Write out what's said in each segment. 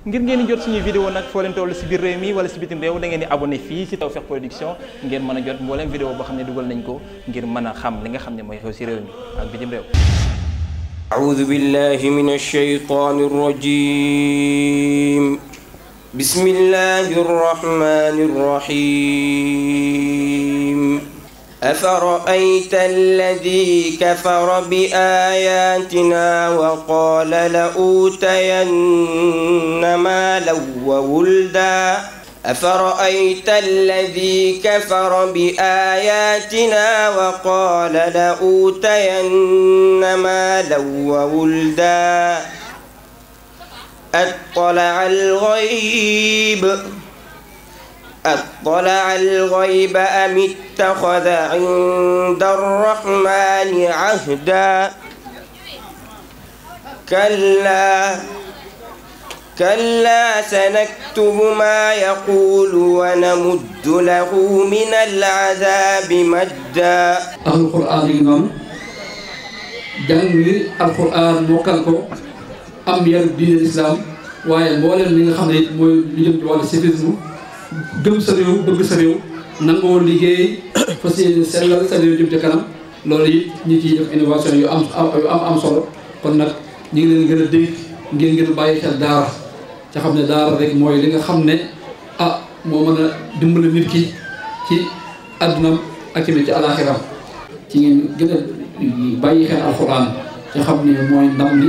ngir ngeen di jot suñuy vidéo nag foo leen toll si biir réew mi wala si bitim réew da di abonné fii si Tawfekh Production ngeen mën a jot mbooleem vidéo boo xam ne dugal nañ ko ngir mën a xam li nga xam ne mooy xew si réew mi ak bitim réew أعوذ بالله من الشيطان الرجيم بسم الله أفرأيت الذي كفر بآياتنا وقال لأوتين مالا وولدا أفرأيت الذي كفر بآياتنا وقال لأوتين مالا وولدا أطلع الغيب أطلع الغيب أم اتخذ عند الرحمن عهدا كلا كلا سنكتب ما يقول ونمد له من العذاب مدا أهل القرآن ينوم جنبي القرآن موكلكو أم يرد دين الإسلام waaye mbooleem li nga xam ne it mooy ñu jëm ci wàllu séfisme gëm sa réew bëgg sa réew nangoo liggéey fas yéene sellal sa réew jëm ca kanam loolu it ñu ciy def innovation yu am yu am solo kon nag ñu ngi leen gën a dénk ngeen gën bàyyi xel daara ca xam ne daara rek mooy li nga xam ne ah moo mën a dimbale nit ki ci addunam ak ci alaaxiram ci ngeen gën a bàyyi xel alxuraan ca xam ne mooy ndam li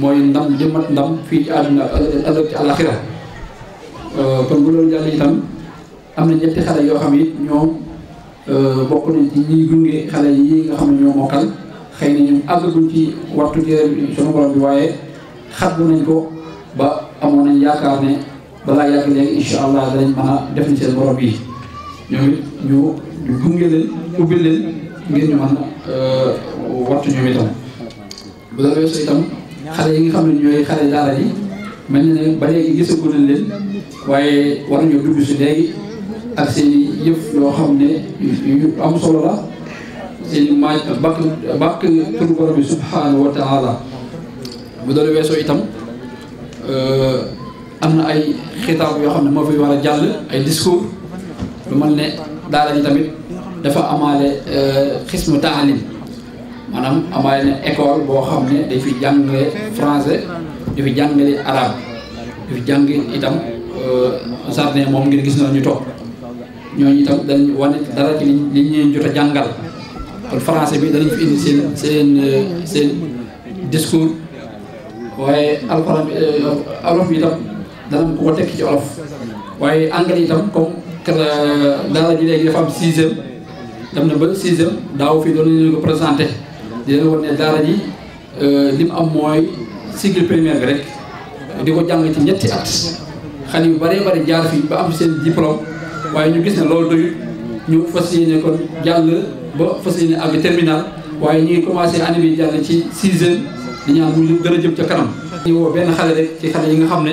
mooy ndam li mat ndam fii ci àdduna ëllëg ci Euh, kon bu loolu jàll itam am na ñetti xale yoo xam it ñoom euh, bokk nañ ci gunge xale yi nga xam ne ñoo mokkal xëy na ñoom àggaguñ ci waxtu téere bi sunu bi waaye xatbu nañ ko ba amoon nañ yaakaar ne balaa yàgg léegi incha allah danañ mën a def ni seen borom yi ñoom it ñu gunge leen ubbi leen ngir ñu mën a euh, waxtu ñoom itam bu la weesoo itam xale yi nga xam ne ñooy xale daara yi mel na ne ba léegi gisaguñu leen waaye war nañoo dugg si léegi ak seen yëf yoo xam ne yu am solo la seen maaj bàkk bàkk turu borom bi subhaanahu wa bu doon weesoo itam euh, am na ay xitaab yoo xam ne moo fi war a jàll ay discours lu mel ne daara ji tamit dafa amaale euh, xismu taalim maanaam amaale ne école boo xam ne day fi jàngale français di fi jàngale arab di jàng itam euh, jardin moom ngeen gis na ñu to ñooñu itam dañ wane dara ci li ñu jot a jàngal kon français bi danañ fi indi seen seen seen discours waaye alxuraan euh, olof itam danañ ko tekki ci olof waaye anglais itam comme que euh, daara ji léegi dafa am sixième na ba sixième daaw fii doon nañu ko présenté di leen wan daara ji li am mooy. cycle primaire bi rek di ko jàng ci ñetti at xale yu bëree bëri jaar fii ba am seen diplôme waaye ñu gis ne loolu doyul ñu fas yéene kon jàll ba fas ak àgg terminal waaye ñu ngi commencé année bi jàll ci sixième di ñaan mu gën a jëm ca kanam. ñu woo benn xale rek ci xale yi nga xam ne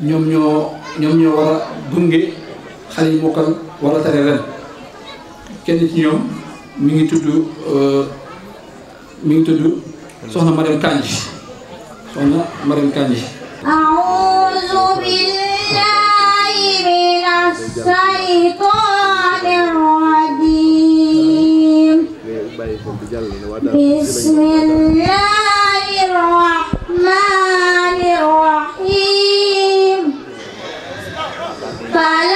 ñoom ñoo ñoom ñoo war a gunge xale yi mokkal war a tare ren kenn ci ñoom mi ngi tudd euh, mu ngi tudd soxna Madame Kandji. soxna Mariam Kandji أعوذ بالله من الشيطان الرجيم بسم الله الرحمن الرحيم فلا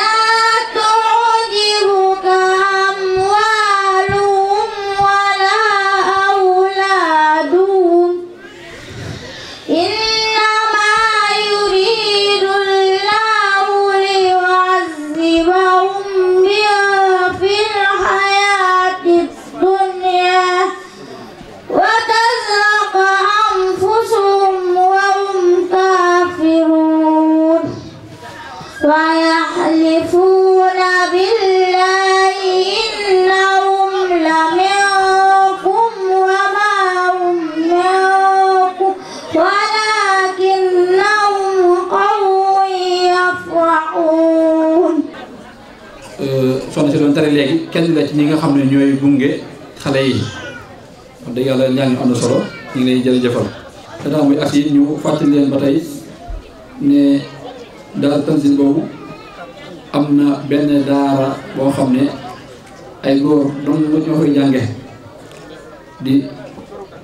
tere léegi kenn la ci ñi nga xam ne ñooy gunge xale yi wax dëgg yàlla ñaan am na solo ñu ngi lay jërëjëfal dadaa muy ak yi ñu fàttali leen ba tey ne daal Tanzil boobu am na benn daara boo xam ne ay góor donc ñoo koy jànge di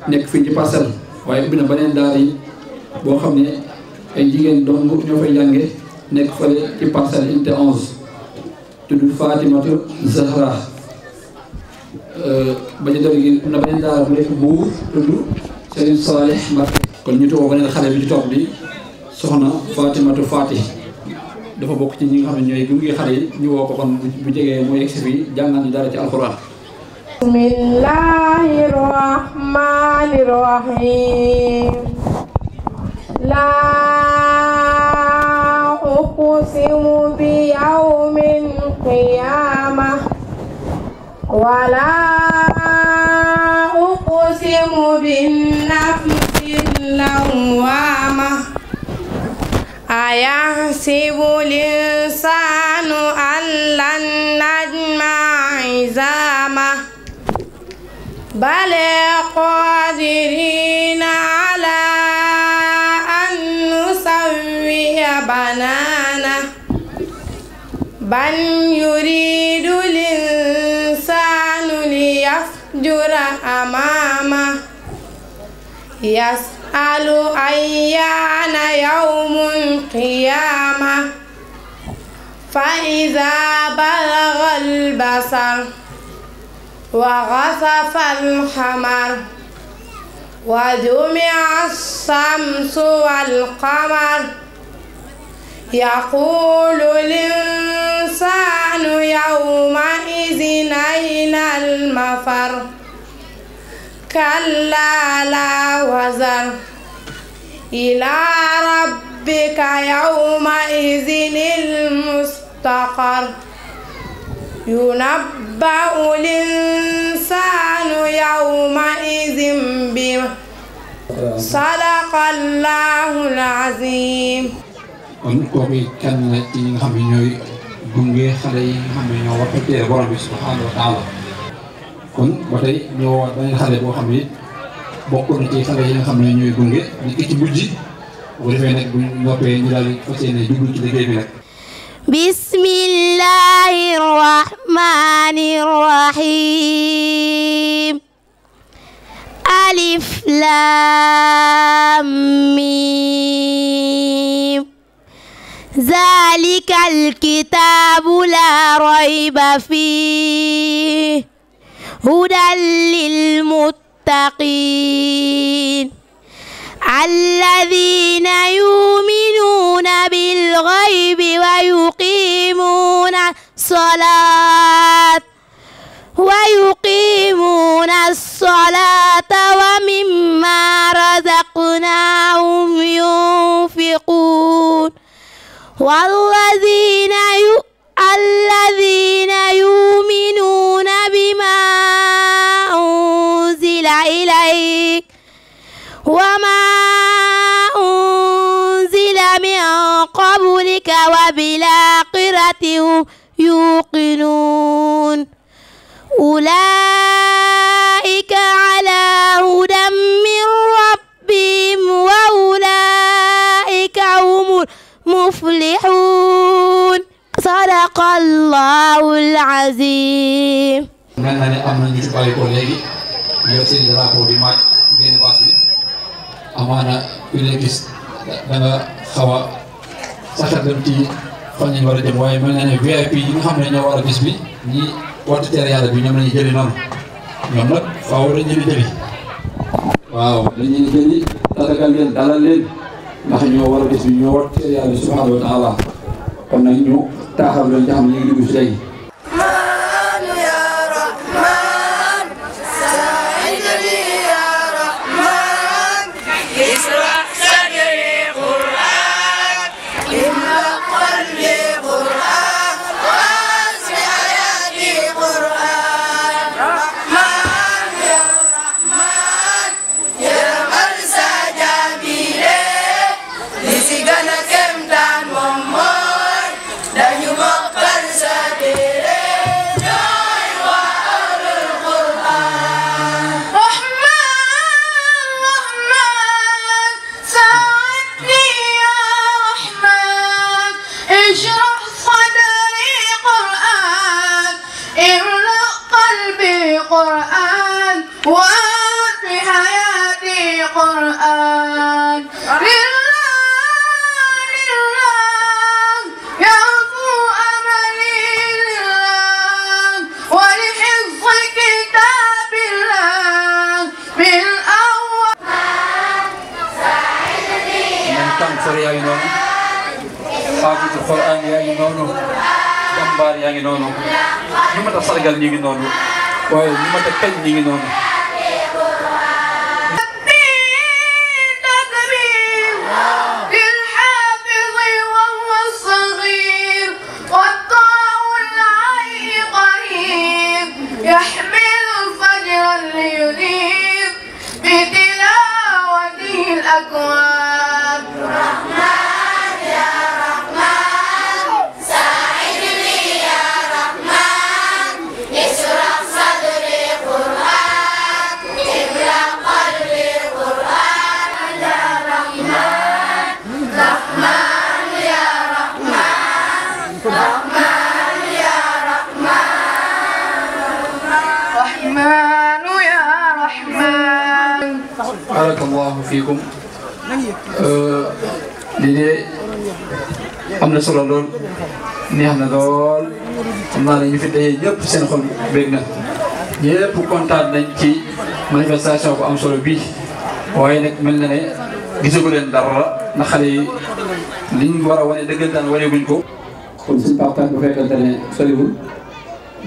nekk fii ci parcelle waaye ubbi na beneen daara yi boo xam ne ay jigéen donc ñoo koy jànge nekk fële ci parcelle unité tudd Fatimatu Zahra euh, ba ñu def gi am na beneen bu nekk buur tudd Serigne Salih Mbacké kon ñu tuddoo beneen xale bi di toog di soxna Fatimatu Fatih dafa bokk ci ñi nga xam ne ñooy gunge xale yi ñu woo ko kon bu jegee mooy egsi bi jàngal ñu dara ci alxuraan bismillahi rahmani rahim laa uqsimu bi القيامة ولا أقسم بالنفس اللوامة أيحسب الإنسان أن لن نجمع عزامه بل قادرين على أن نسوي بنانه بل يريد الإنسان ليفجر أمامه يسأل أيان يوم القيامة فإذا بلغ البصر وغصف الحمر وجمع الشمس والقمر يقول الإنسان يومئذ أين المفر كلا لا وزر إلى ربك يومئذ المستقر ينبأ الإنسان يومئذ بما صدق الله العظيم kon kooku kenn la ci ñi nga xam ne ñooy gunge xale yi nga xam na yi ñooy gunge ni ki ci mujj bu defee nag daal fas yéene jublu ci liggéey bi nag rahim alif lam ذلك الكتاب لا ريب فيه هدى للمتقين الذين يؤمنون بالغيب ويقيمون الصلاة ويقيمون الصلاة ومما رزقناهم والذين يؤ الذين يؤمنون بما أنزل إليك وما أنزل من قبلك وبالآخرة يوقنون أولئك على هدى muflixuun sadaqallaahul aziim mel na ne am na ñu fi bàyyi ko léegi yor seen drapeau di maaj génn baas bi amaana ku ne gis da nga xaw a saxat dem ci fan lañ war a jëm waaye mel na ne VIP yi nga xam ne ñoo war a bis bi ñi wattu tere yàlla bi ñoom lañuy jëli noonu ñoom nag faaw dañ leen di jëli waaw dañ leen di jëli tatagal leen dalal leen ndax ñoo war a def ñoo war ci yàlla subhanahu wa taala kon nag ñu taaxal leen ci xam ne ñu ngi dugg si tey Sénégal ñi ngi noonu waaye ma teg kañ ñi Euh, lii de am na solo lool neex na lool xam naa ne ñu fi dajee ñëpp seen xol bég na ñëpp kontaan nañ ci manifestation bu am solo bi waaye nag mel na ne gisagu leen dara ndax xale yi liñ war a wane dëggantaan wane guñ ko. kon suñu paxtaan bu fekkante ne soriwul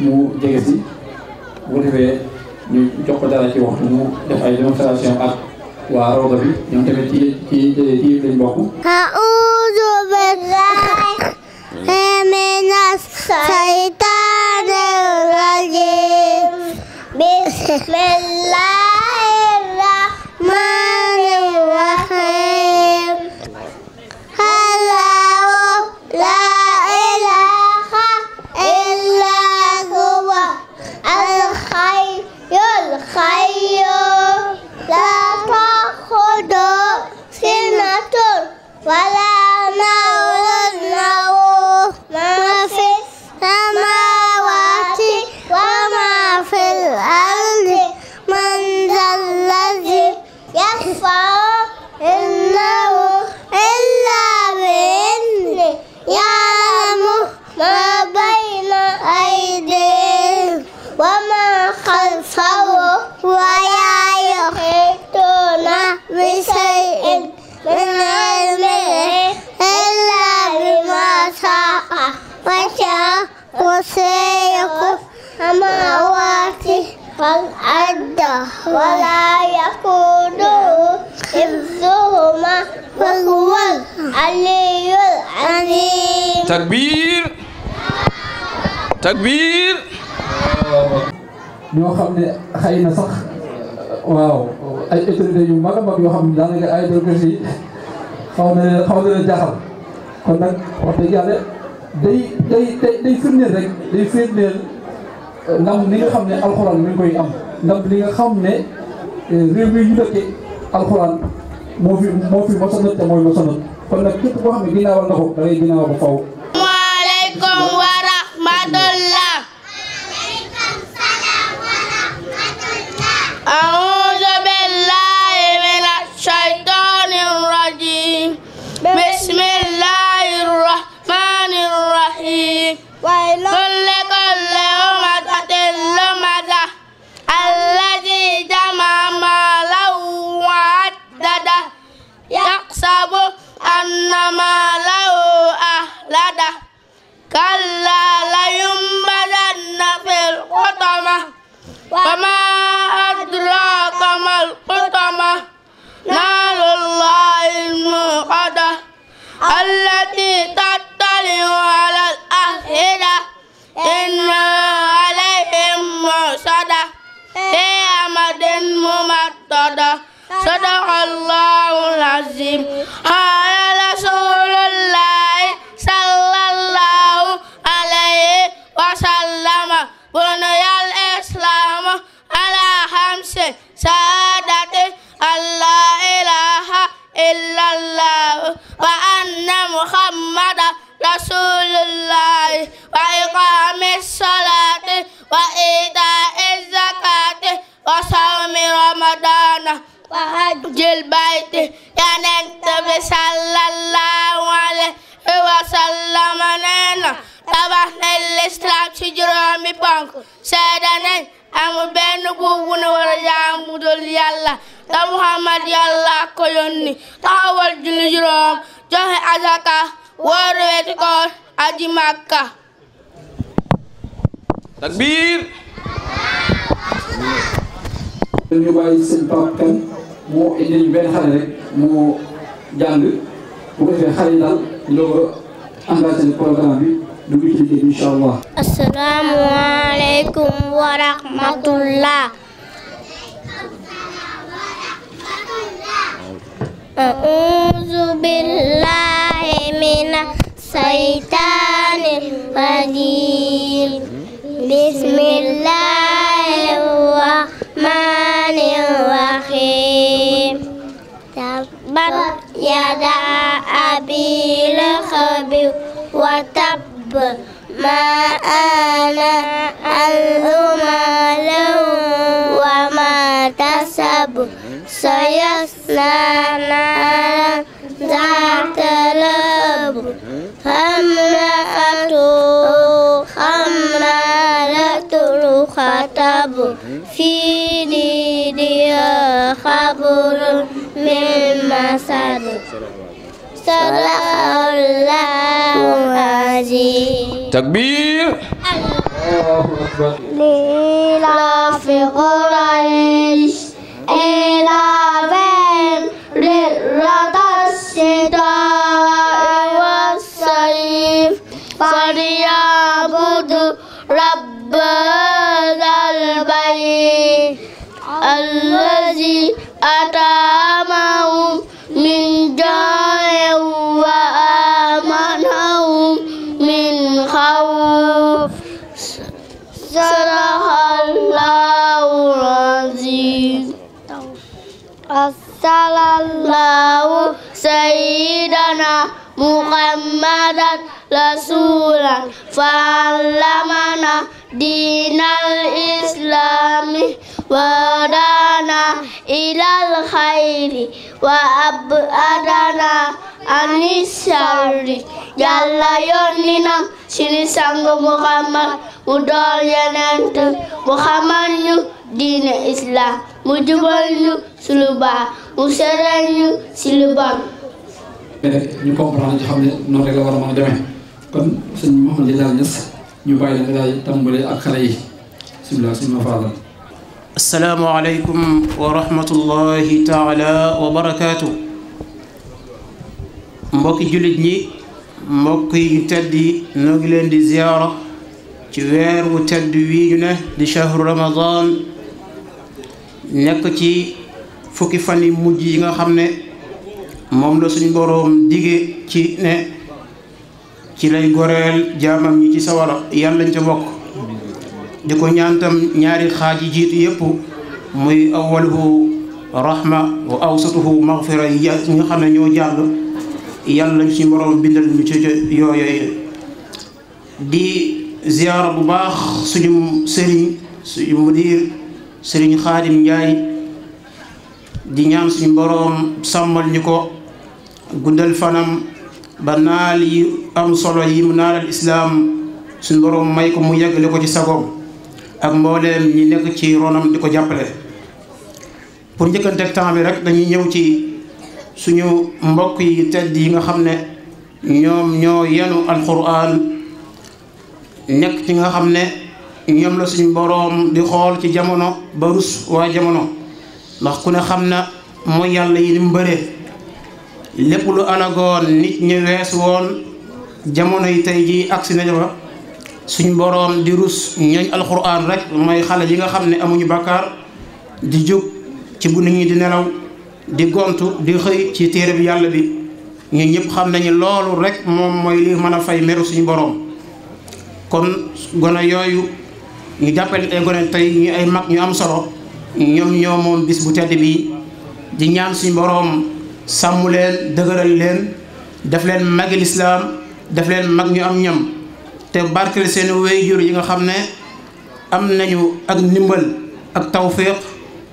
mu jege si bu defee ñu jox ko dara ci waxtu mu def ay démonstration ak. waa rooba bi ñoom tamit ci ci ci wala takbir ñoo xam ne xëy na sax waaw ay autorité yu mag a yoo xam ne daanaka ay autorités yi xaw na leen xaw na jaaxal kon nag wax dëgg yàlla day day day day firndeel rek eh, ndam li nga xam ne alxuraan mi ngi koy am ndam nga xam ne eh, réew mi ñu dëkke alxuraan moo fi moo fi mosoon te mooy mosoon kon xam ne ginnaawal na ko da ngay faw يحسب أن ماله أهلده إلا الله وأن محمد رسول الله وإقام الصلاة وإيتاء الزكاة وصوم رمضان وحج البيت يا نكتب صلى الله tabax nañ lislaam ci juróomi ponk seede nañ amul benn buur war a dul yàlla te Muhammad yàlla ko yónni taxawal juróom joxe asaka woor weeti koor aji Makka takbir mu indi benn xale mu jàng bu ko defee xale yi daal ñoo ko bi dugg ci liggéey bi incha allah. asalaamualeykum wa rahmatullah. أعوذ بالله من الشيطان الرجيم بسم الله الرحمن الرحيم تبت يدا أبي لهب وتب ما أنا ألهم له وما كسب سيصلى نارا ذات لهب امرأته حمالة الخطب في ديدها خبر من مسد صدق الله العظيم تكبير الله أكبر ليلة في قريش إلى بر رضا الشتاء والصيف فليعبدوا رب هذا البيت الذي أطعمهم من جوع sallallahu sayyidana muhammadan rasulan fa'allamana dinal islami wadana ilal khairi wa abadana anisari yàlla yónni na sini sangu muhammad mu dool yenent muhammad ñu diine islam mu jubal ñu suluba mu seetal ñu si lu bon. ñu comprendre xam ne noonu rek la war a la nga daal tàmbale ak xale yi taala wa mbokki jullit ñi mbokk yu tedd yi leen di ziyaara ci weer wu tedd wii ne di shahru ramadan fukki fan yi mujj yi nga xam ne moom la suñ boroom digee ci ne ci lay goreel jaamam ñi ci sawara yan lañ ca bokk di ko ñaantam ñaari xaaj yi jiitu yëpp muy awaluhu rahma wa awsatuhu maghfira yi nga xam ne ñoo jàng yàlla lañ suñu boroom bindal ñu ci yooyu di ziyaara bu baax suñu sëriñ suñu mudir sëriñ Xaadim Njaay di ñaan suñu boroom sàmmal ñu ko guddal fanam ba naal yi am solo yi mu naalal islaam suñu boroom may ko mu yàggale ko ci sagoom ak mbooleem ñi nekk ci ronam di ko jàppale pour njëkkanteeg temps bi rek dañuy ñëw ci suñu mbokk yi tedd yi nga xam ne ñoom ñoo yenu alquran nekk ci nga xam ne ñoom la suñu boroom di xool ci jamono ba rus waa jamono ndax ku ne xam na mooy yàlla yi ni mu bëree lépp lu alagoon nit ñu wees woon jamono yi tey jii agsi nañu fa suñ boroom di rus ñooñ alxuraan rek mooy xale yi nga xam ne amuñu bàkkaar di jóg ci bu nit ñi di nelaw di gontu di xëy ci téere bi yàlla bi ñu ñëpp xam nañu loolu rek moom mooy li mën a fay meru suñu boroom kon gone yooyu ñu jàppale ay gone tey ñu ay mag ñu am solo ñoom ñoo moom bis bu tedd bi di ñaan suñu boroom sàmm leen dëgëral leen daf leen magi lislaam daf leen mag ñu am ñam te barkeel seen wéyjur yi nga xam ne am nañu ak ndimbal ak tawfiq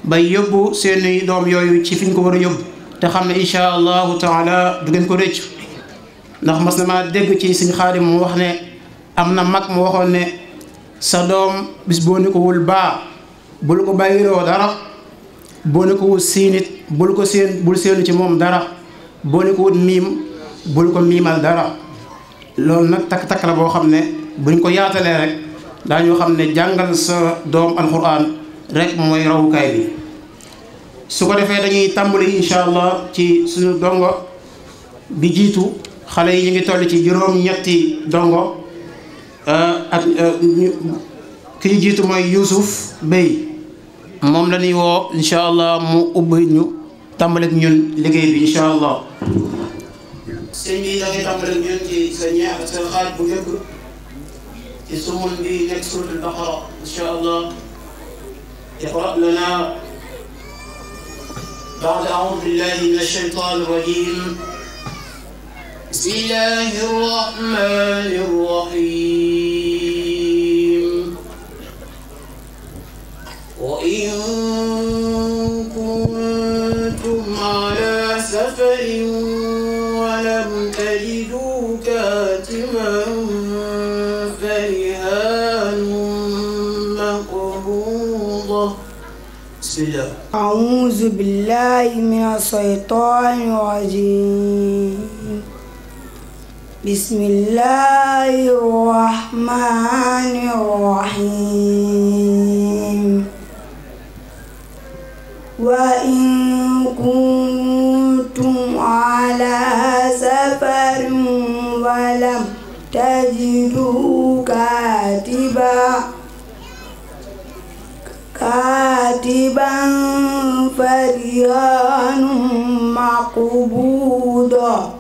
ba yóbbu seeni doom yooyu ci fi ñu ko war a yóbbu te xam ne incha allahu taala du ngeen ko rëcc ndax mas na maa dégg ci suñu xaadim mu wax ne am na mag mu waxoon ne sa doom bis boo baa bul ko bàyyiloo dara boo ne ko wut siinit bul ko seen bul seenu ci moom dara boo ne ko wut miim bul ko miimal dara loolu nag takk-takk la boo xam ne buñ ko yaatalee rek daañoo xam ne jàngal sa doom alquran rek mooy rawukaay bi su ko defee dañuy tàmbali incha allah ci suñu dongo bi jiitu xale yi ñu ngi toll ci juróom-ñetti dongo euh, ak euh, ki jiitu mooy Yuusuf Bey moom la ñuy woo incha mu ubbi ñu tàmbaleeg ñun liggéey bi incha allah. sëñ bi dafay tàmbaleeg ñun ci sa ñaar sa xaaj bu njëkk ci sumun bi nekk suuratul baqara incha allah iqra lana بعد أعوذ بالله من الشيطان الرجيم بسم الله الرحمن الرحيم نفسيا أعوذ بالله من الشيطان الرجيم بسم الله الرحمن الرحيم وإن كنتم على سفر ولم تجدوا كاتبا كاتبا فريان مقبوضا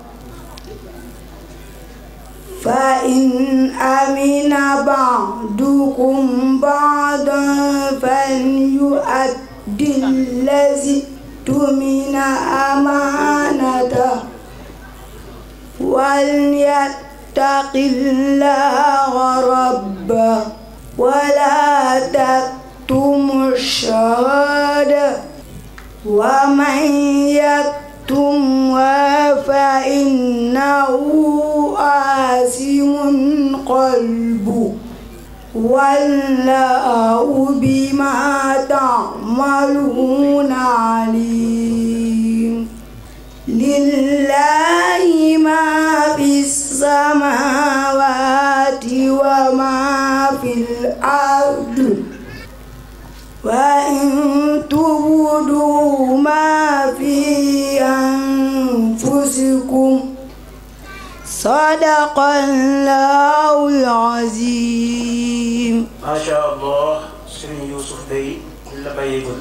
فإن أمن بعضكم بعضا فليؤد الذي اؤتمن أمانته وليتق الله ربه ولا تك يكتم الشهادة ومن يكتمها فإنه آثم قلبه والله بما تعملون عليم لله ما في السماوات وما في الأرض وإن تبدوا ما في أنفسكم صدق الله العظيم ما شاء الله سن يوسف بي لا بايغول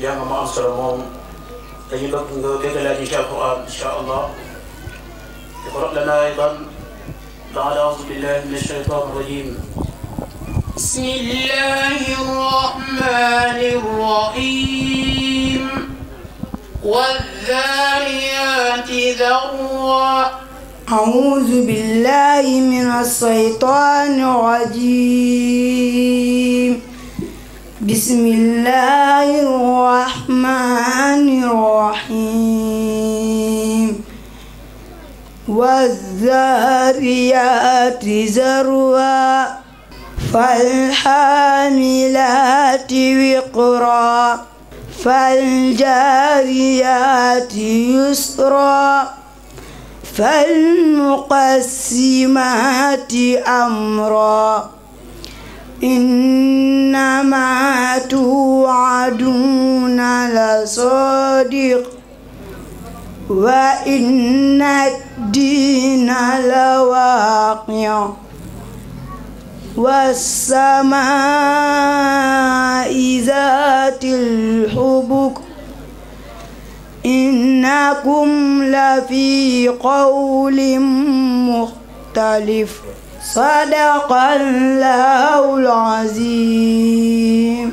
جام ما أصر موم تاني بك نغا إن شاء القرآن إن شاء الله يقرأ لنا أيضا بعد أعوذ بالله من الشيطان الرجيم بسم الله الرحمن الرحيم والذاريات ذروا أعوذ بالله من الشيطان الرجيم بسم الله الرحمن الرحيم والذاريات ذروا فالحاملات وقرا فالجاريات يسرا فالمقسمات أمرا إنما توعدون لصادق وإن الدين لواقع والسماء ذات الحبك إنكم لفي قول مختلف صدق الله العظيم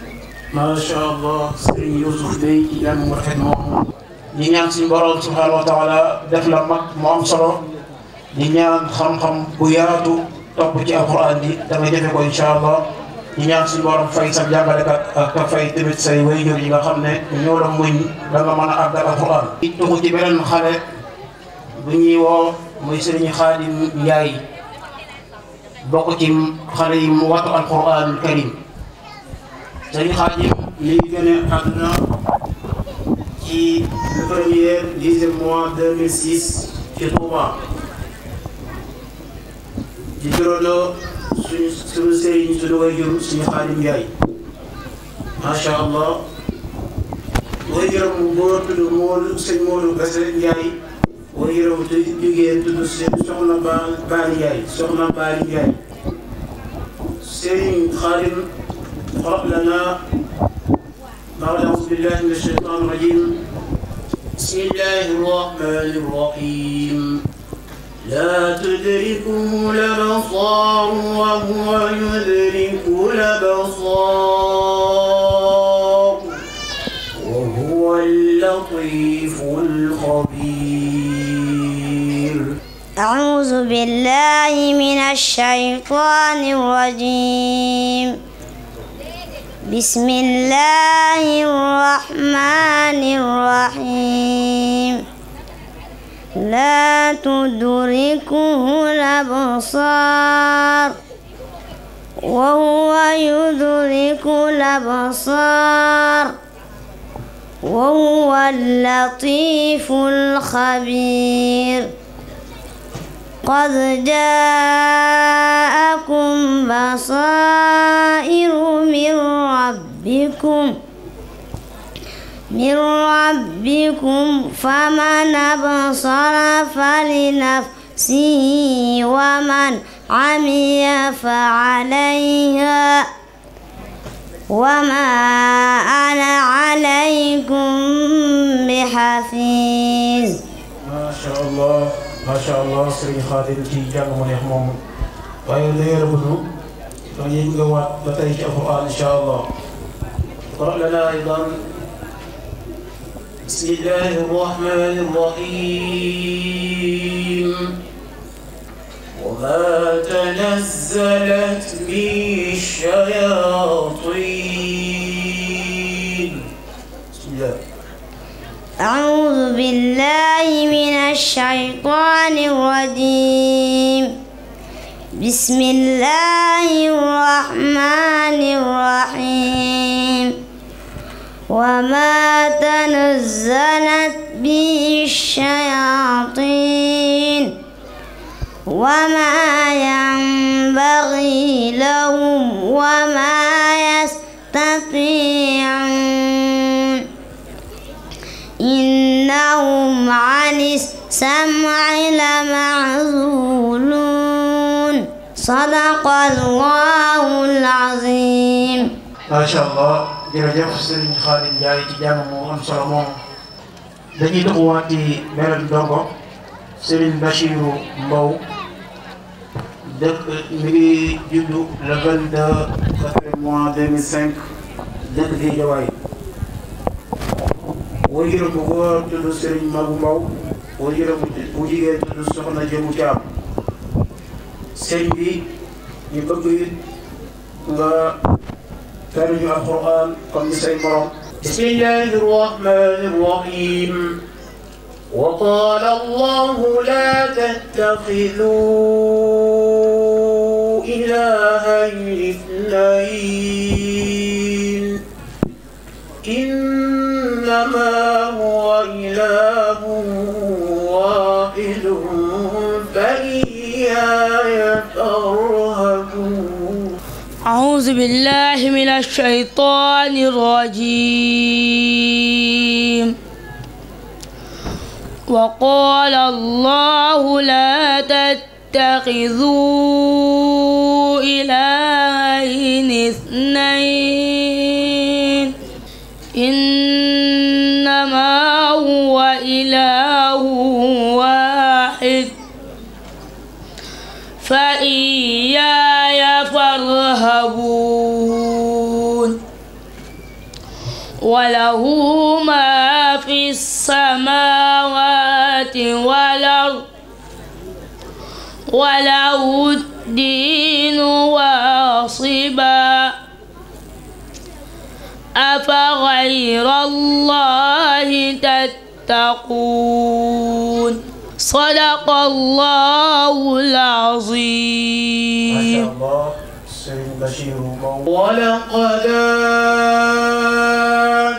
macha allah sëriñ Youssouf day yan mu rafet moom ñi ñaan suñu borom subhanahu wa taala def la mag mu am solo ñi ñaan xam-xam bu yaatu topp ci alxuraan yi da nga jëfe ko incha allah ñu ñaan suñu borom fay sa jàngalekat ka fay tamit say waajur yi nga xam ne ñoo la muñ da nga mën a àggal alxuraan. di tugg ci beneen xale bu ñuy woo muy sëriñ Xaadim Njaay bokk ci yi mu wattu alxuraan karim sëriñ Xaadim mi ngi gën a àdduna ci le premier dixième mois 2006 ci Touba. di turandoo suñu suñu sëriñ suñu wayjur suñu xaadim njaay macha allah wayjuram bu góor tudd Moolu sëñ Moolu Basel Njaay wayjuram bu jigéen tudd sëñ soxna Baali Njaay soxna Baali Njaay sëriñ xaadim xob la naa بعد أعوذ بالله من الشيطان الرجيم بسم الله الرحمن الرحيم لا تدركه الأبصار وهو يدرك الأبصار وهو اللطيف الخبير أعوذ بالله من الشيطان الرجيم بسم الله الرحمن الرحيم لا تدركه الأبصار وهو يدرك الأبصار وهو اللطيف الخبير قد جاءكم بصائر من ربكم من ربكم فمن أبصر فلنفسه ومن عمي فعليها وما أنا عليكم بحفيظ ما شاء الله ma sha allah sëriñ Xaadim ci jàng mu neex moomu waaye lu yore gudd ndax yéen nga waat ba tey ci alxuraan incha allah. بسم الله الرحمن الرحيم وما تنزلت به الشياطين بسم الله أعوذ بالله من الشيطان الرجيم بسم الله الرحمن الرحيم وما تنزلت به الشياطين وما ينبغي لهم وما يستطيعون إنهم عن السمع لمعزولون صدق الله العظيم ما شاء الله jërëjëf Serigne Khadim Ndiaye ci jàng mu am solo moomu dañuy dëkkuwaat ci beneen dongo Serigne Bachirou Mbow dëkk mi ngi juddu le 22 quatre mois 2005 dëkk di Jawaay wajuram bu góor tudd Serigne Magu Mbow wajuram bu jigéen tudd Soxna Jëmu Caam sëñ bi ñu bëgg it nga tariñu alquran comme ni say morom bismillahi arrahmani arrahim وقال الله لا تتخذوا إلهين اثنين أعوذ بالله من الشيطان الرجيم وقال الله لا تتخذوا إلهين اثنين إنما هو إله واحد فإياك يرهبون وله ما في السماوات والأرض وله الدين واصبا أفغير الله تتقون صدق الله العظيم بشير ومنذر ولقد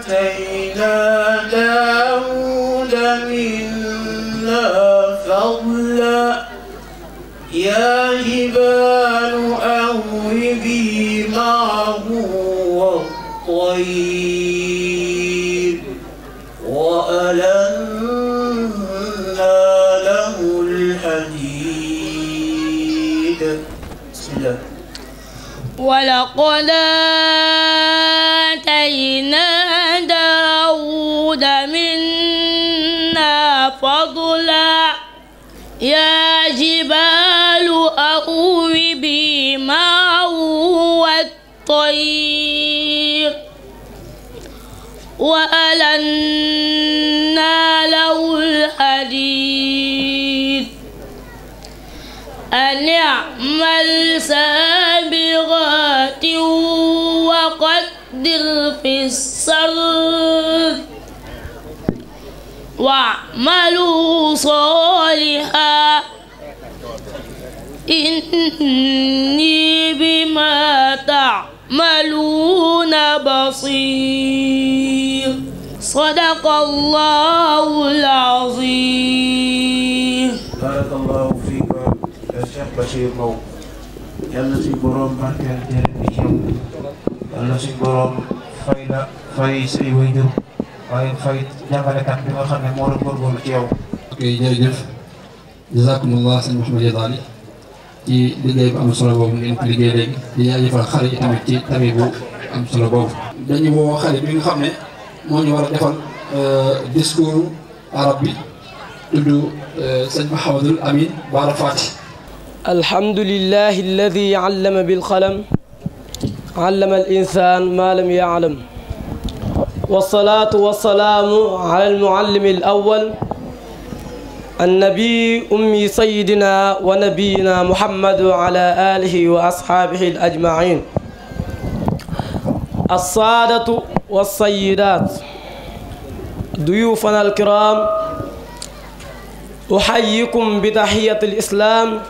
ولقد آتينا داود منا فضلا يا جبال أوبي معه والطير وألنا له الحديد أن اعمل سابغات وقدر في السرد واعملوا صالحا إني بما تعملون بصير صدق الله العظيم بارك الله Cheikh Bachir Mbow yàlla suñ boroom barkeel téere bi ci yow yàlla suñ boroom fay la fay say waajur waaye fay jàngalekat bi nga xam ne moo la góorgóorlu ci yow ok jërëjëf jazakumullah sëñ Mouhamed Yadaali ci liggéey bu am solo boobu ngeen ko liggéey léegi di jaajëfal xale yi tamit ci tamit bu am solo boobu dañu woo xale bi nga xam ne moo ñu war a defal euh, discours arab bi tudd euh, sëñ Mahamadul Amin Bara Fati الحمد لله الذي علم بالقلم علم الإنسان ما لم يعلم والصلاة والسلام على المعلم الأول النبي أمي سيدنا ونبينا محمد وعلى آله وأصحابه الأجمعين الصادة والسيدات ضيوفنا الكرام أحييكم بتحية الإسلام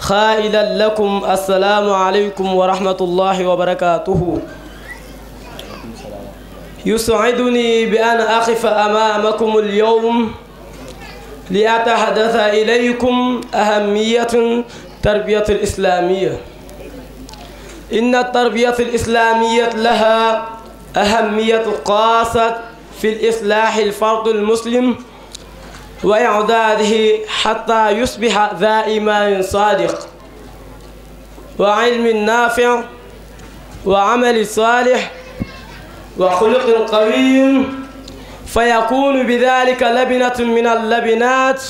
xaa'ilan lakum assalaamu aleykum wa rahmatullahi wa barakaatuhu يسعدني بأن أقف أمامكم اليوم لأتحدث إليكم أهمية التربية الإسلامية إن التربية الإسلامية لها أهمية قاسة في الإصلاح الفرد المسلم وإعداده حتى يصبح ذا إيمان صادق وعلم نافع وعمل صالح وخلق قوي فيكون بذلك لبنة من اللبنات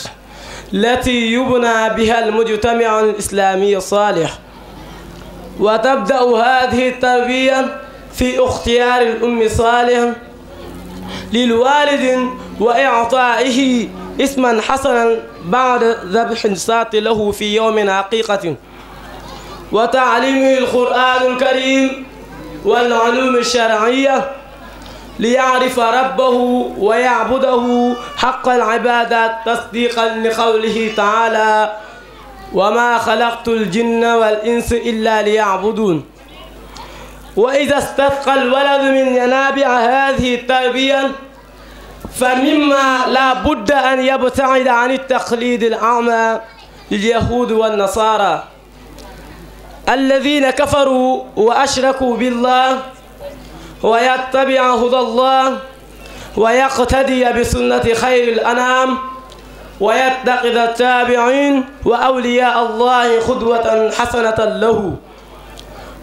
التي يبنى بها المجتمع الإسلامي الصالح وتبدأ هذه التربية في اختيار الأم صالح للوالد وإعطائه isman xasanan baada dabxin saati lahu fi yowmin haqiqatin wa taalimihi alquran alkarim walculuum alsharciya liyacrifa rabbahu wa yacbudahu xaqa alcibadat tasdiqan liqawlihi taala وما خلقت الجن والإنس إلا ليعبدون وإذا استثقل الولد من ينابع هذه التربية fa mimma la budda an yabtaida an altaqlid alama lilyahud walnasara alladina kafaru wa ashraku billah wa yattabia huda allah wa yaqtadiya bisunnati xayri alanam wa yattaxida taabiin wa awliyaa allahi xudwatan xasanatan lahu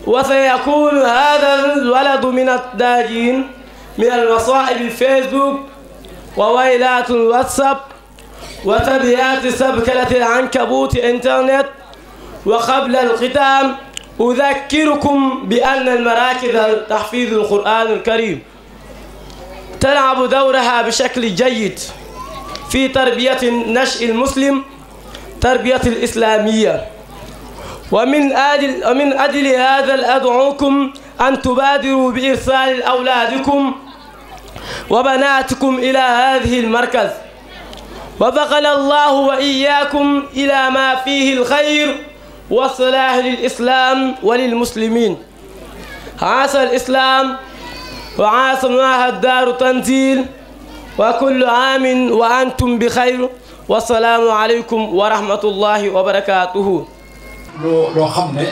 wa sayakunu hada alwaladu min addaajin min almasaaib facebook وويلات الواتساب وتبيات سبكلة العنكبوت إنترنت وقبل الختام أذكركم بأن المراكز تحفيظ القرآن الكريم تلعب دورها بشكل جيد في تربية النشء المسلم تربية الإسلامية ومن أجل, ومن أجل هذا أدعوكم أن تبادروا بإرسال أولادكم وبناتكم إلى هذه المركز وفقنا الله وإياكم إلى ما فيه الخير والصلاح للإسلام وللمسلمين عاصى الإسلام وعاص معها الدار تنزيل وكل عام وأنتم بخير والسلام عليكم ورحمة الله وبركاته loo xam ne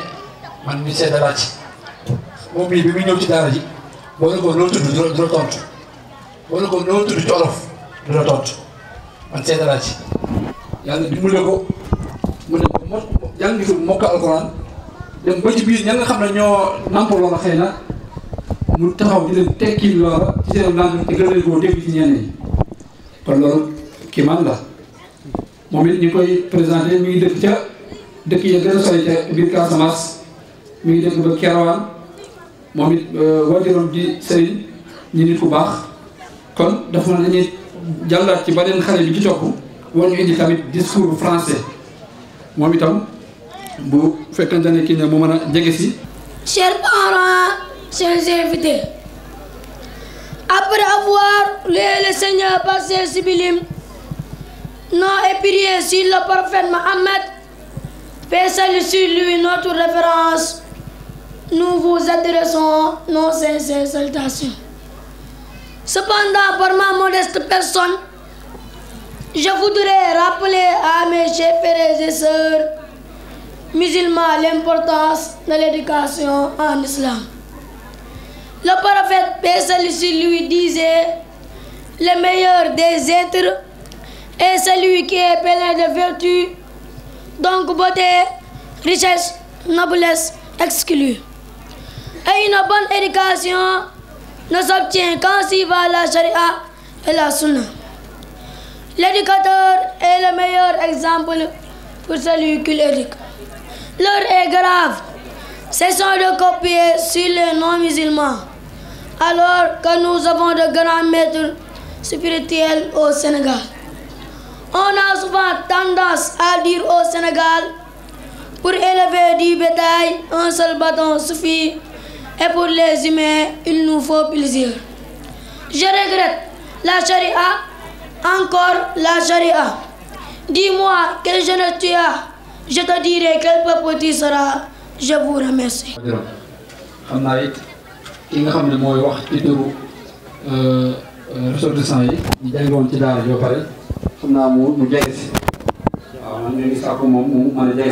man mi seedalaat moom lii bi muy ñëw ci daara ji boo ne ko loo tudd du la tontu wala ko noonu tudd ci olof du la tontu man seet laa ci yàlla dimbale ko mu ne ko mot jàngi dem ba ci biir ña nga xam ne ñoo nàmp loola xëy na mu taxaw di leen tekki loola ci seen langue te gën leen koo dégg ci kii man la moom it ñu koy présenté mi ngi dëkk ca dëkk ya a sori ngi dëkk ba Kerawaan moom it euh, sëriñ ñu nit ku baax kon dafa ne dañuy jàllaat ci beneen xale bi ci topp war ñu indi tamit discours français moom itam bu fekkante ne mu mën a jege si. Chers parents, chers invités, après avoir loué le Mohammed, paix sur lui, notre référence, nous vous adressons nos Cependant, par ma modeste personne, je voudrais rappeler à mes chers frères musulmans l'importance de l'éducation en islam. Le prophète, paix celui disait Le meilleur des êtres est celui qui est de vertu, donc beauté, richesse, noblesse exclue. Et une bonne éducation Nous obtient quand s'y va la charia et la sunna. L'éducateur est le meilleur exemple pour celui qui l'éduque. L'heure est grave. Cessons de copier sur les non-musulmans, alors que nous avons de grands maîtres spirituels au Sénégal. On a souvent tendance à dire au Sénégal, pour élever du bétail, un seul bâton suffit. et pour les humains, il nous faut plaisir. Je regrette la charia, encore la charia. Dis-moi quel jeune tu as, je te dirai quel peuple tu seras. Je vous remercie. xam naa it ki nga xam ne mooy wax ci turu euh, euh, ressortissants yi. ñu ci daara joo pare xam naa mu mu jege si. waaw man léegi sàkk moom mu mën a jege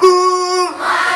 عليكم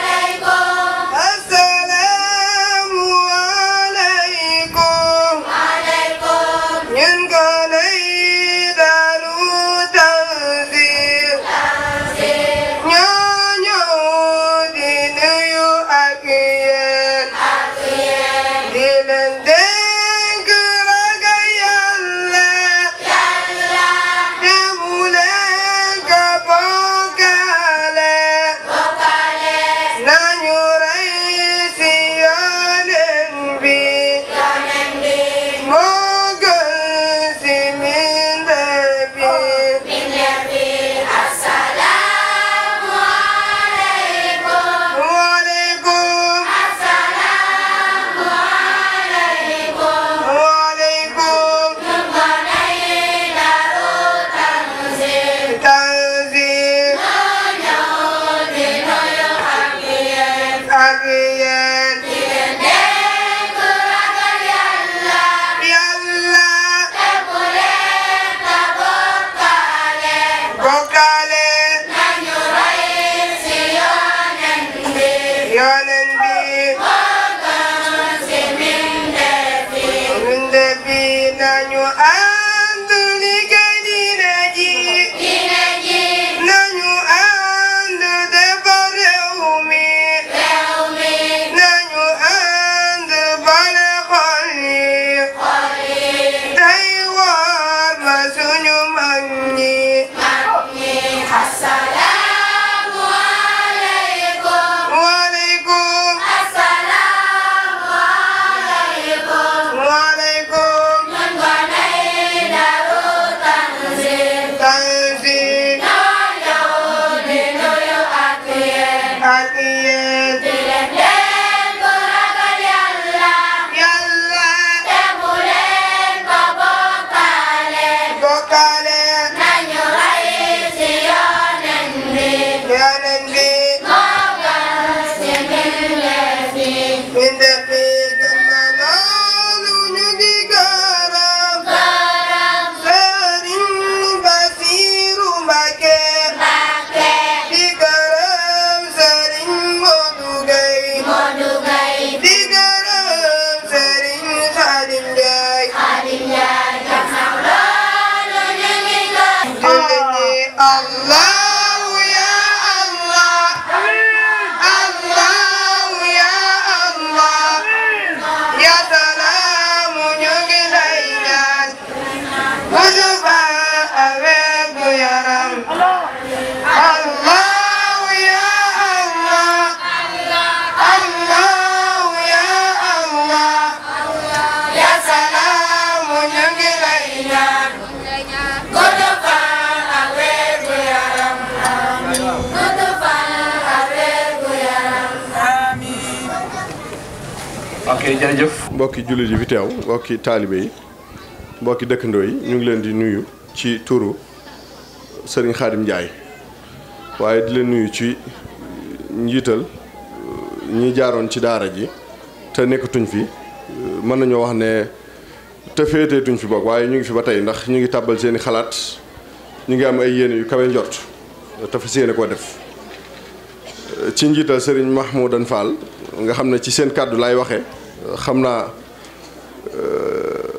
ok jërëjëf. mbokki jullit yi fi teew mbokki taalibe yi mbokki dëkkandoo yi ñu ngi leen di nuyu ci turu sëriñ Xaadim njaay waaye di leen nuyu ci njiital ñi jaaroon ci daara ji te nekkatuñ fi mën nañoo wax ne te féeteetuñ fi boog waaye ñu ngi fi ba tey ndax ñu ngi tàbbal seeni xalaat ñu ngi am ay yéene yu kawe njort te fas yéene ko def. ci njiital Serigne Mahmoudan Fall nga xam ne ci seen kàddu laay waxee xam naa euh,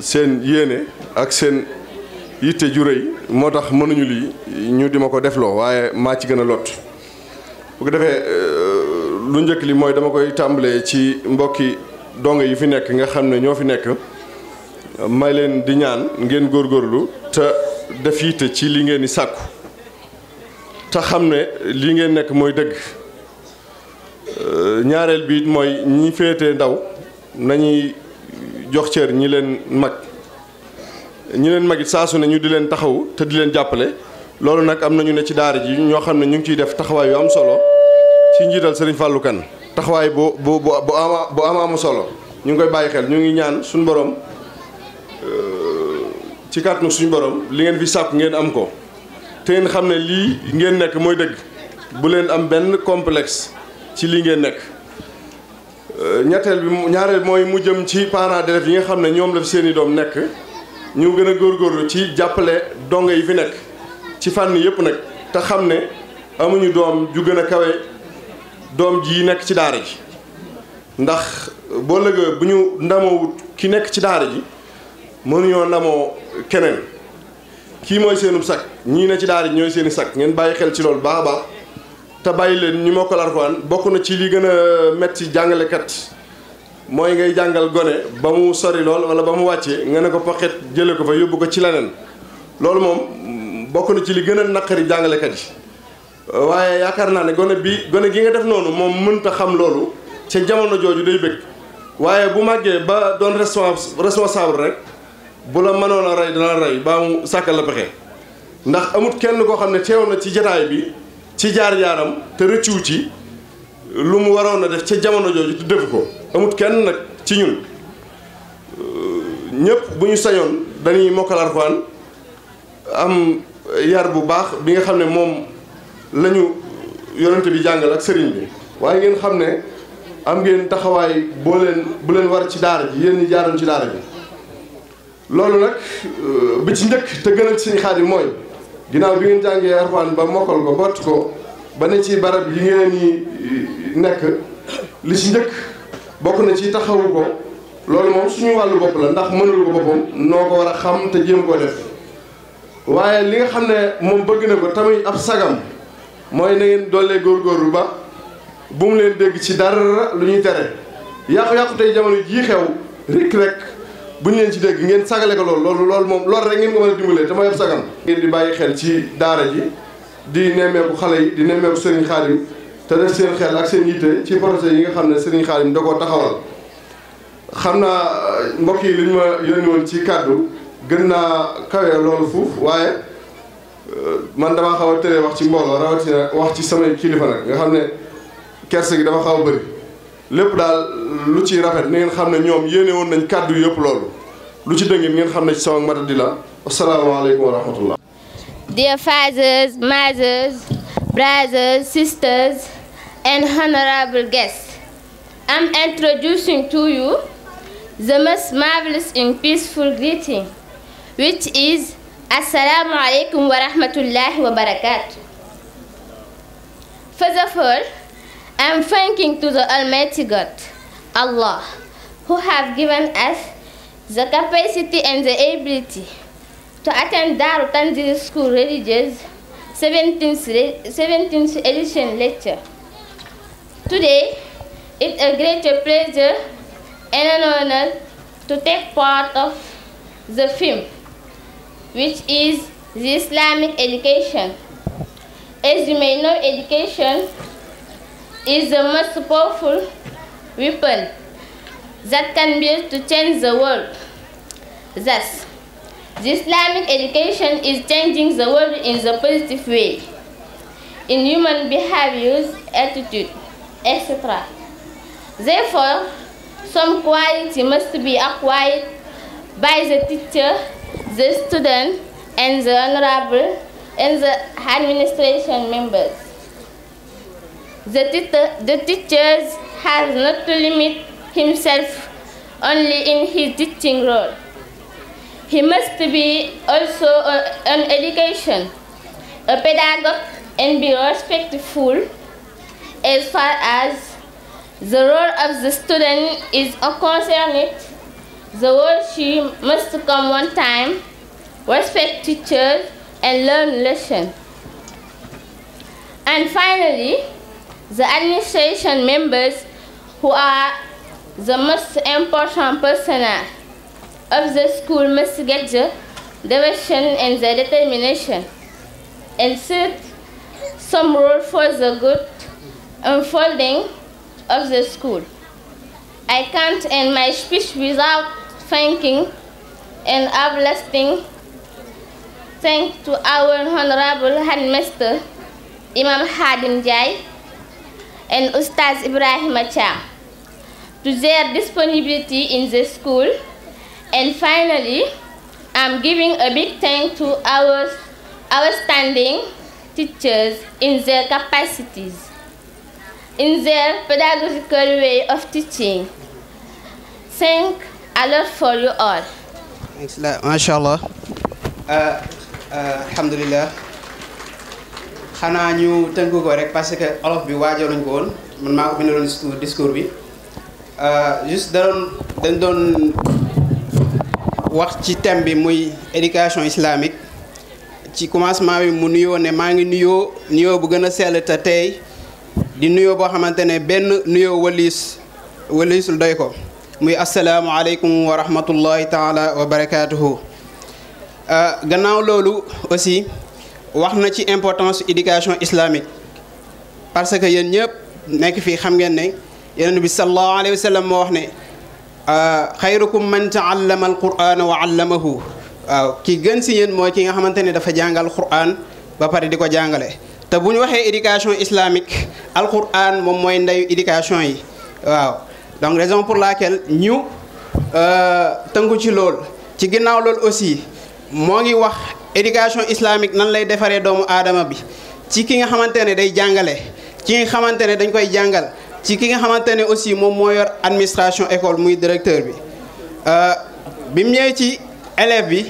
seen yéene ak seen yitte ju rëy moo tax mënuñu lii ñu di ma ko defloo waaye maa ci gën a lot bu ko defee euh, lu njëkk li mooy dama koy tàmbalee ci mbokki donge yi fi nekk nga xam ne ñoo fi nekk may leen di ñaan ngeen góor góorlu te def yitte ci li ngeen di sàkku te xam ne lii ngeen nekk mooy dëgg Euh, ñaareel bi mooy ñi féete ndaw nañuy jox cër ñi leen mag ñi leen mag it saasu ne ñu di leen taxawu te di leen jàppale loolu nag am na ñu ne ci daara ji ñoo xam ne ñu ngi ciy def taxawaay yu solo ci njiital Serigne Fallou taxawaay bu bu bu ama amu solo ñu ngi koy bàyyi xel ñu ngi ñaan suñu boroom euh, ci kàttanu suñu boroom li ngeen fi sàkk ngeen am ko te ngeen xam ne lii ngeen nekk mooy dëgg bu leen am benn complex ci li ngeen nekk euh, ñetteel bi ñaareel mooy mu jëm ci parents d'élèves yi nga xam ne ñoom la fi seen doom nekk ñu gën a góor góorgóorlu ci jàppale dongo yi fi nekk ci fànn yëpp nag te xam ne amuñu doom ju gën a kawe doom ji nekk ci daara ji ndax boo lëgee bu ñu ndamoowut ki nekk ci daara ji mënuñoo ndamoo keneen kii mooy seenub sakk ñii ne ci daara ji ñooy seeni sakk ngeen bàyyi xel ci loolu baax a baax te bàyyi leen ñu mokkal Alxuraan bokk na ci li gën a metti jàngalekat mooy ngay jàngal gone ba mu sori lool walla ba mu wàccee nga ne ko poxet jële ko fa yóbbu ko ci leneen loolu moom bokk na ci li gën a naqari jàngalekat yi waaye yaakaar naa ne gone bi gone gi nga def noonu moom mënta xam loolu ca jamono jooju day bëgg waaye bu màggee ba doon responsable rek bu la mënoon a rey dana rey baa mu sàkkal la pexe ndax amut kenn koo xam ne teew na ci jataay bi ci jaar-jaaram te rëccuwu ci lu mu waroon a def ca jamono jooju te def ko amut kenn nag ci ñun ñëpp bu ñu sañoon dañuy mokkal Alxuraan am yar bu baax bi nga xam ne moom lañu ñu yonent bi jàngal ak sëriñ bi waaye ngeen xam ne am ngeen taxawaay boo leen bu leen war ci daara ji yéen ñi jaaroon ci daara bi loolu nag bi ci njëkk te gënal ci seen mooy ginnaaw bi ngeen jàngee arxuwaan ba mokkal ko bott ko ba ne ci barab yi ngeen ni eh, nekk li ci njëkk bokk na ci taxawu ko loolu moom suñu wàllu bopp la ndax mënul ko boppam noo ko war a xam te jéem koo def waaye li nga xam ne moom bëgg na ko tamit ab sagam mooy na ngeen doolee góorgóorlu ba bu mu leen dégg ci dara lu ñuy tere yàqu-yàqu tey jamono jii xew rek rek bu ñu leen ci dégg ngeen sagale ko loolu loolu loolu moom loolu rek ngeen ko mën a dimbalee dama yeb sagan ngeen di bàyyi xel ci daara ji di nemmeeku xale yi di nemmeeku Serigne Khadim te def seen xel ak seen yitte ci projet yi nga xam ne Serigne Khadim da ko taxawal xam naa mbokk yi li ñu ma yónni ci kàddu gën naa kawee loolu fuuf waaye euh, man damaa xaw a tëree wax ci mbooloo rawatina wax ci samay kilifa nag nga xam ne kerse gi dafa xaw a lépp daal lu ci rafet na xam na ñoom yéene woon nañ kàddu yëpp loolu lu ci dëngit ngeen xam ne ci sama matadi la asalaamaaleykum wa rahmatullah Dear fathers, mothers, brothers, sisters, and honorable guests, I'm introducing to you the most marvelous and peaceful greeting, which is Assalamu alaikum wa rahmatullahi I am thanking to the Almighty God, Allah, who has given us the capacity and the ability to attend Darul Tanzil School Religious 17th, edition lecture. Today, it's a great pleasure and an to take part of the film, which is the Islamic education. As you may know, education is the most powerful weapon that can be to change the world. Thus, the Islamic education is changing the world in the positive way, in human behaviors, attitude, etc. Therefore, some quality must be acquired by the teacher, the student, and the honorable and the administration members. The teacher, the teachers has not to limit himself only in his teaching role. He must be also an education, a pedagogue, and be respectful as far as the role of the student is concerned. The word must come one time, respect teachers, and learn lesson. And finally, The administration members who are the most important personnel of the school must get the devotion and the determination and set some role for the good unfolding of the school. I can't end my speech without thanking and everlasting thanks to our Honorable Headmaster, Imam and Ustaz Ibrahim Cham to their disponibility in the school. And finally, I'm giving a big thank to our, standing teachers in their capacities, in their pedagogical way of teaching. Thank a for you all. Thanks, MashaAllah. Uh, uh, alhamdulillah. xanaa ñu tënk ko rek parce que olof bi waajoo ko woon man maa ko bindaloon discours bi euh, juste da doon dañ doon wax ci thème bi muy éducation islamique ci commencement bi mu nuyoo ne maa ngi nuyoo nuyoo bu gën a sell te tey di nuyoo boo xamante ne benn nuyoo waliis waliisul doy ko muy asalaamualeykum wa rahmatullahi taala wa euh, gannaaw loolu aussi wax na ci importance éducation islamique parce que yéen ñëpp nekk fii xam ngeen ne yonent bi sallallahu alayhi wa moo wax ne ah, xayrukum man taallama alqur'ana wa allamahu waaw ki gën si yéen mooy ki nga xamante ne dafa jàngal qur'an ba pare di ko jàngale te bu ñu waxee éducation islamique alqur'an moom mooy ndeyu éducation yi waaw donc raison pour laquelle ñu euh, tënku ci lool ci ginnaaw loolu aussi moo ngi wax éducation islamique nan lay defaree doomu aadama bi ci ki nga xamante ne day jàngale ci nga xamante ne dañ koy jàngal ci ki nga xamante ne aussi moom moo yor administration école muy directeur bi euh, bi mu ñëwee ci élève bi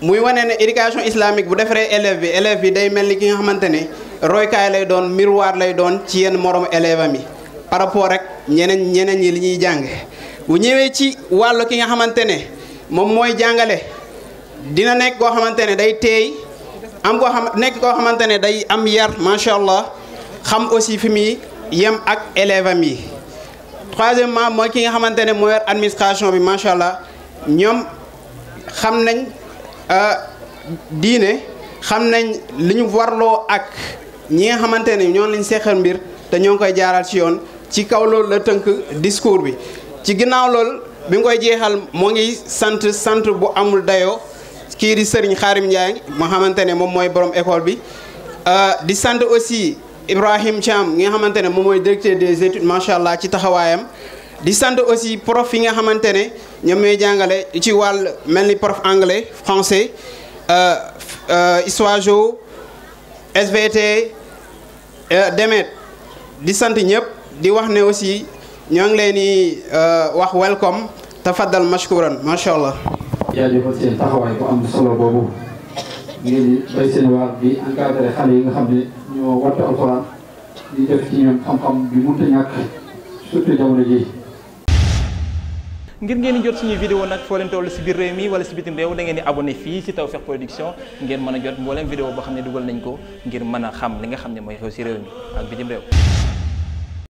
muy wane ne éducation islamique bu defaree élève bi élève bi day mel ni ki nga xamante ne roykaay lay doon miroir lay doon ci yenn moromu élève mi par rapport rek ñeneen ñeneen ñi li ñuy jàng bu ñëwee ci wàll ki nga xamante ne moom mooy jàngale. dina nekk koo xamante ne day teey am ko xam nekk koo xamante ne day am yar macha allah xam aussi fi muy yem ak élève am yi troisièmement mooy ki nga xamante ne moo yor bi macha allah ñoom xam nañ euh, diine xam nañ li ñu warloo ak ñi nga xamante ne ñoom lañ seqal mbir te ñoo ngi koy jaaral ci yoon ci kaw loolu la tënk discours bi ci ginnaaw loolu bi nga koy jeexal moo ngi sant sant bu amul dayo kii di Serigne Xaarim Ndiaye ma xamante ne moom mooy borom école bi euh, di sant aussi Ibrahim Thiam nga xamante ne moom mooy directeur des études macha allah ci taxawaayam. di sant aussi prof yi nga xamante ne ñoom ñooy jàngale ci wàll mel ni prof anglais français euh, euh, histoire géo SVT Demet di sant ñëpp di wax ne aussi ñoo ngi leen di wax welcome faddal mashkuran macha allah. jaajëfal seen taxawaay bu am solo boobu ngeen di bay seen waar bi encadré xale yi nga xam ne ñoo wattu alxuraan di def ci ñoom xam-xam bi mënta ñàkk surtout jamono ji ngir ngeen di jot suñuy vidéo nag foo leen toll si biir réew mi wala si bitim réew da ngeen di abonné fii si Tawfekh Production ngeen mën a jot mbooleem vidéo boo xam ne dugal nañ ko ngir mën a xam li nga xam ne mooy xew si réew mi ak bitim réew